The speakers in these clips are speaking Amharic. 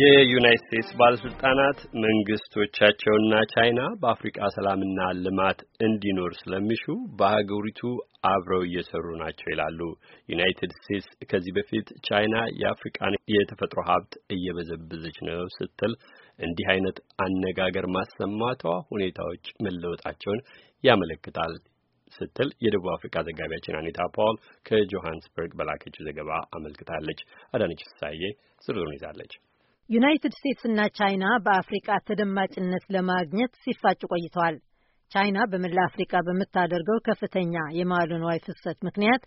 የዩናይት ስቴትስ ባለስልጣናት መንግስቶቻቸውና ቻይና በአፍሪቃ ሰላምና ልማት እንዲኖር ስለሚሹ በሀገሪቱ አብረው እየሰሩ ናቸው ይላሉ። ዩናይትድ ስቴትስ ከዚህ በፊት ቻይና የአፍሪቃን የተፈጥሮ ሀብት እየበዘበዘች ነው ስትል እንዲህ አይነት አነጋገር ማሰማቷ ሁኔታዎች መለወጣቸውን ያመለክታል ስትል የደቡብ አፍሪካ ዘጋቢያችን አኒታ ፓውል ከጆሃንስበርግ በላከችው ዘገባ አመልክታለች። አዳነች ሳዬ ዝርዝሩን ይዛለች። ዩናይትድ እና ቻይና በአፍሪቃ ተደማጭነት ለማግኘት ሲፋጭ ቆይተዋል። ቻይና በመላ አፍሪቃ በምታደርገው ከፍተኛ የመዋለ ንዋይ ፍሰት ምክንያት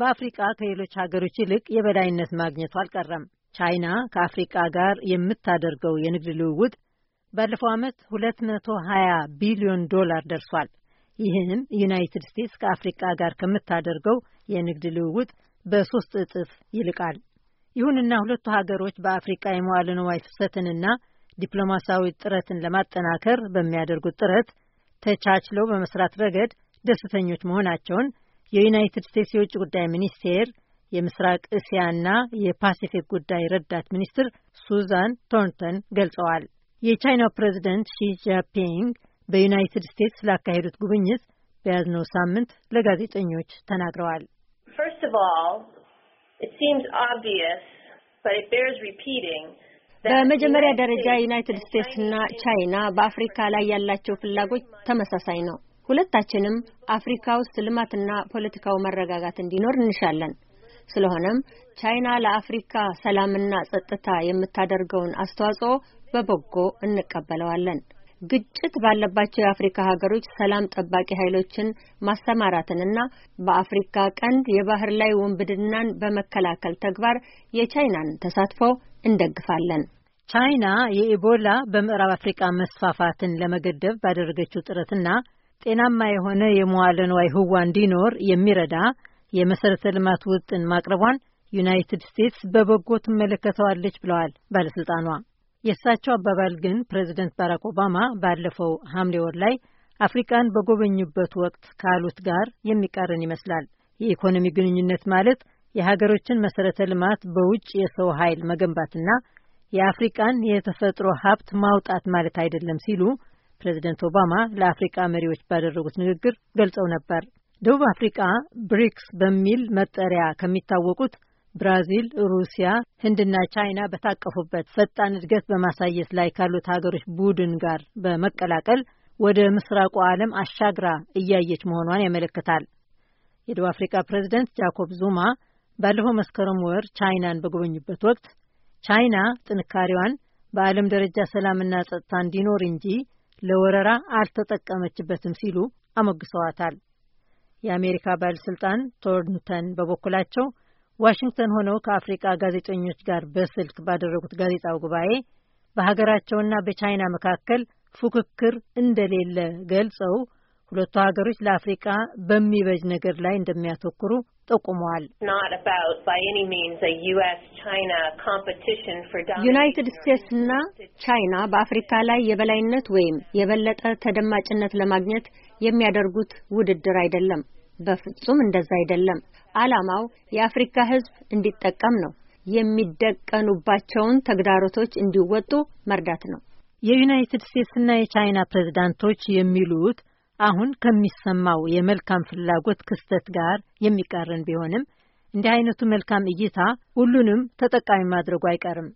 በአፍሪቃ ከሌሎች ሀገሮች ይልቅ የበላይነት ማግኘቱ አልቀረም። ቻይና ከአፍሪቃ ጋር የምታደርገው የንግድ ልውውጥ ባለፈው ዓመት 220 ቢሊዮን ዶላር ደርሷል። ይህም ዩናይትድ ስቴትስ ከአፍሪቃ ጋር ከምታደርገው የንግድ ልውውጥ በሶስት እጥፍ ይልቃል። ይሁንና ሁለቱ ሀገሮች በአፍሪቃ የመዋለ ንዋይ ፍሰትንና ዲፕሎማሲያዊ ጥረትን ለማጠናከር በሚያደርጉት ጥረት ተቻችለው በመስራት ረገድ ደስተኞች መሆናቸውን የዩናይትድ ስቴትስ የውጭ ጉዳይ ሚኒስቴር የምስራቅ እስያና የፓሲፊክ ጉዳይ ረዳት ሚኒስትር ሱዛን ቶርንተን ገልጸዋል። የቻይናው ፕሬዚደንት ሺ ጂንፒንግ በዩናይትድ ስቴትስ ስላካሄዱት ጉብኝት በያዝነው ሳምንት ለጋዜጠኞች ተናግረዋል። በመጀመሪያ ደረጃ ዩናይትድ ና ቻይና በአፍሪካ ላይ ያላቸው ፍላጎት ተመሳሳይ ነው። ሁለታችንም አፍሪካ ውስጥ ልማትና ፖለቲካው መረጋጋት እንዲኖር እንሻለን። ስለሆነም ቻይና ለአፍሪካ ሰላምና ጸጥታ የምታደርገውን አስተዋጽኦ በበጎ እንቀበለዋለን። ግጭት ባለባቸው የአፍሪካ ሀገሮች ሰላም ጠባቂ ኃይሎችን ማሰማራትንና በአፍሪካ ቀንድ የባህር ላይ ውንብድናን በመከላከል ተግባር የቻይናን ተሳትፎ እንደግፋለን። ቻይና የኢቦላ በምዕራብ አፍሪቃ መስፋፋትን ለመገደብ ባደረገችው ጥረትና ጤናማ የሆነ የመዋለ ንዋይ ህዋ እንዲኖር የሚረዳ የመሰረተ ልማት ውጥን ማቅረቧን ዩናይትድ ስቴትስ በበጎ ትመለከተዋለች ብለዋል ባለስልጣኗ። የእሳቸው አባባል ግን ፕሬዚደንት ባራክ ኦባማ ባለፈው ሐምሌ ወር ላይ አፍሪካን በጎበኙበት ወቅት ካሉት ጋር የሚቃረን ይመስላል። የኢኮኖሚ ግንኙነት ማለት የሀገሮችን መሰረተ ልማት በውጭ የሰው ኃይል መገንባትና የአፍሪቃን የተፈጥሮ ሀብት ማውጣት ማለት አይደለም ሲሉ ፕሬዚደንት ኦባማ ለአፍሪቃ መሪዎች ባደረጉት ንግግር ገልጸው ነበር። ደቡብ አፍሪቃ ብሪክስ በሚል መጠሪያ ከሚታወቁት ብራዚል፣ ሩሲያ፣ ህንድና ቻይና በታቀፉበት ፈጣን እድገት በማሳየት ላይ ካሉት ሀገሮች ቡድን ጋር በመቀላቀል ወደ ምስራቁ ዓለም አሻግራ እያየች መሆኗን ያመለክታል። የደቡብ አፍሪካ ፕሬዝደንት ጃኮብ ዙማ ባለፈው መስከረም ወር ቻይናን በጎበኙበት ወቅት ቻይና ጥንካሬዋን በዓለም ደረጃ ሰላምና ጸጥታ እንዲኖር እንጂ ለወረራ አልተጠቀመችበትም ሲሉ አሞግሰዋታል። የአሜሪካ ባለሥልጣን ቶርንተን በበኩላቸው ዋሽንግተን ሆነው ከአፍሪቃ ጋዜጠኞች ጋር በስልክ ባደረጉት ጋዜጣው ጉባኤ በሀገራቸውና በቻይና መካከል ፉክክር እንደሌለ ገልጸው ሁለቱ ሀገሮች ለአፍሪቃ በሚበጅ ነገር ላይ እንደሚያተኩሩ ጠቁመዋል። ዩናይትድ ስቴትስና ቻይና በአፍሪካ ላይ የበላይነት ወይም የበለጠ ተደማጭነት ለማግኘት የሚያደርጉት ውድድር አይደለም። በፍጹም እንደዛ አይደለም። አላማው የአፍሪካ ህዝብ እንዲጠቀም ነው። የሚደቀኑባቸውን ተግዳሮቶች እንዲወጡ መርዳት ነው። የዩናይትድ ስቴትስና የቻይና ፕሬዝዳንቶች የሚሉት አሁን ከሚሰማው የመልካም ፍላጎት ክስተት ጋር የሚቃረን ቢሆንም እንዲህ አይነቱ መልካም እይታ ሁሉንም ተጠቃሚ ማድረጉ አይቀርም።